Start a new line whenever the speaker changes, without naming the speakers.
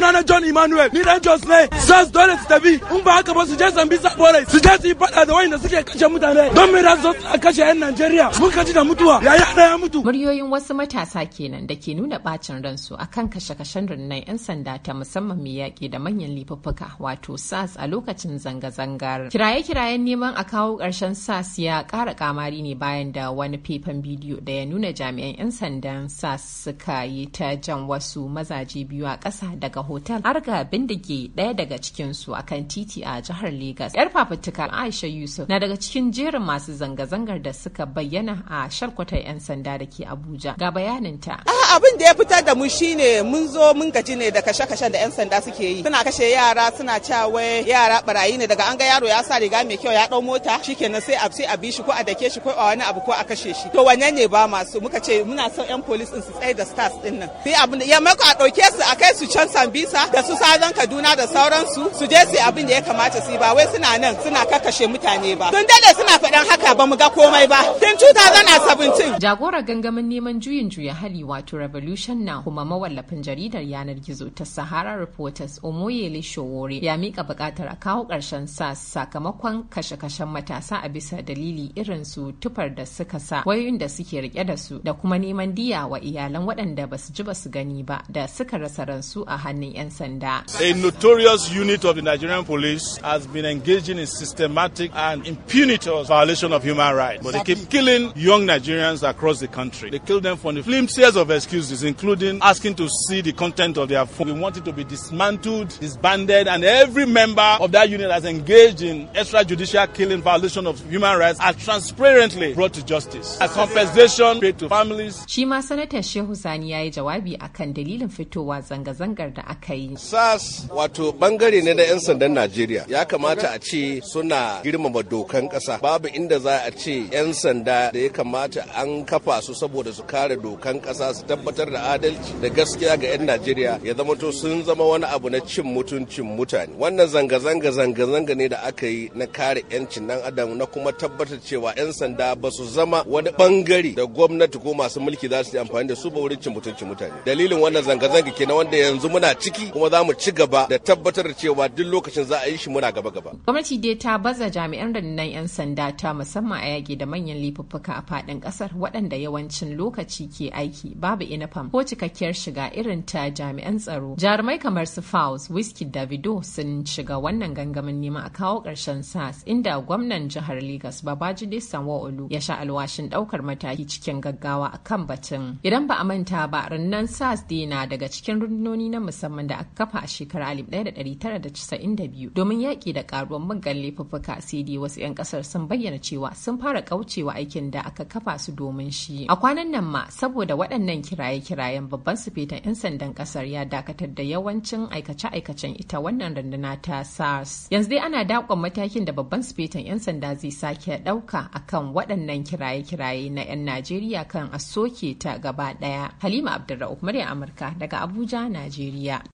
sunana John Emmanuel ni dan Jos ne SAS dole su tafi in ba haka ba su je Sambisa Bore su je su yi fada da wayanda suke kashe mutane don me za su kashe yan Najeriya mun kaji da mutuwa yaya
da ya mutu muryoyin wasu matasa kenan da ke nuna bacin ransu akan kashe-kashen rundunar yan sanda ta musamman mai yaƙi da manyan lifuffuka wato SAS a lokacin zanga-zangar kiraye-kirayen neman a kawo ƙarshen SAS ya ƙara kamari ne bayan da wani faifan bidiyo da ya nuna jami'an yan sandan SAS suka yi ta jan wasu mazaje biyu a ƙasa daga hotel har ga abin da ke daya daga cikinsu a kan titi a jihar Legas. Yar fafutuka Aisha Yusuf na daga cikin jerin masu zanga-zangar da suka bayyana a sharkwatar 'yan sanda da ke Abuja. Ga bayaninta.
Ah, abin da ya fitar da mu shine mun zo mun gaji ne da kashe-kashen da 'yan sanda suke yi. Suna kashe yara suna cawe yara barayi ne daga an ga yaro ya sa riga mai kyau ya ɗau mota shikenan sai a sai a bi shi ko a dake shi ko a wani abu ko a kashe shi. To wanne ne ba masu muka ce muna son 'yan polis din su tsaye da stars din nan. Sai abin ya mako a ɗauke su a kai su can San bisa da su sadan kaduna da sauransu su je su abin da ya kamata su ba wai suna nan suna kakashe mutane ba tun dade suna faɗan haka ba mu ga komai ba tun cuta zana sabincin
jagorar gangamin neman juyin juya hali wato revolution na kuma mawallafin jaridar yanar gizo ta sahara reporters omoyele showore ya mika bukatar a kawo karshen sa sakamakon kashe-kashen matasa a bisa dalili irin su tufar da suka sa wayoyin da suke rike da su da kuma neman diya wa iyalan waɗanda ba su ji ba su gani ba da suka rasa ransu a hannun send that.
A notorious unit of the Nigerian police has been engaging in systematic and impunitive violation of human rights. But they keep killing young Nigerians across the country. They kill them for the flimsiest of excuses, including asking to see the content of their phone. We want it to be dismantled, disbanded, and every member of that unit has engaged in extrajudicial killing, violation of human rights are transparently brought to justice. A compensation paid to families.
Shi ma Sanatar Shehu Sani ya yi jawabi akan dalilin fitowa zanga-zangar da aka aka yi. SAS
wato bangare ne na 'yan sandan Najeriya ya kamata a ce suna girmama dokan ƙasa. Babu inda za a ce 'yan sanda da ya kamata an kafa su saboda su kare dokan ƙasa su tabbatar da adalci da gaskiya ga 'yan Najeriya ya zama to sun zama wani abu na cin mutuncin mutane. Wannan zanga-zanga zanga-zanga ne da aka yi na kare 'yancin ɗan adam na kuma tabbatar cewa 'yan sanda ba su zama wani bangare da gwamnati ko masu mulki za su yi amfani da su ba wurin cin mutuncin mutane. Dalilin wannan zanga-zanga kenan wanda yanzu muna ci ciki kuma za mu ci gaba da tabbatar da cewa duk lokacin za a yi shi muna gaba gaba.
Gwamnati dai ta baza jami'an rundunar 'yan sanda ta musamman a yaƙi da manyan lifuffuka a faɗin ƙasar waɗanda yawancin lokaci ke aiki babu inifam ko cikakkiyar shiga irin ta jami'an tsaro. Jarumai kamar su Faus, wiski Davido sun shiga wannan gangamin neman a kawo karshen SARS inda gwamnan jihar Legas Babajide Sanwo-Olu ya sha alwashin ɗaukar mataki cikin gaggawa a kan batun. Idan ba a manta ba, rannan SARS dai na daga cikin rundunoni na musamman musamman da aka kafa a shekarar biyu domin yaƙi da ƙaruwar muggan laifuffuka sai dai wasu 'yan ƙasar sun bayyana cewa sun fara kaucewa aikin da aka kafa su domin shi. A kwanan nan ma saboda waɗannan kiraye-kirayen babban sufetan 'yan sandan ƙasar ya dakatar da yawancin aikace-aikacen ita wannan runduna ta SARS. Yanzu dai ana dakon matakin da babban sufetan 'yan sanda zai sake ɗauka akan waɗannan kiraye-kiraye na 'yan Najeriya kan a soke ta gaba ɗaya. Halima Abdulra'uf murya Amurka daga Abuja, Najeriya.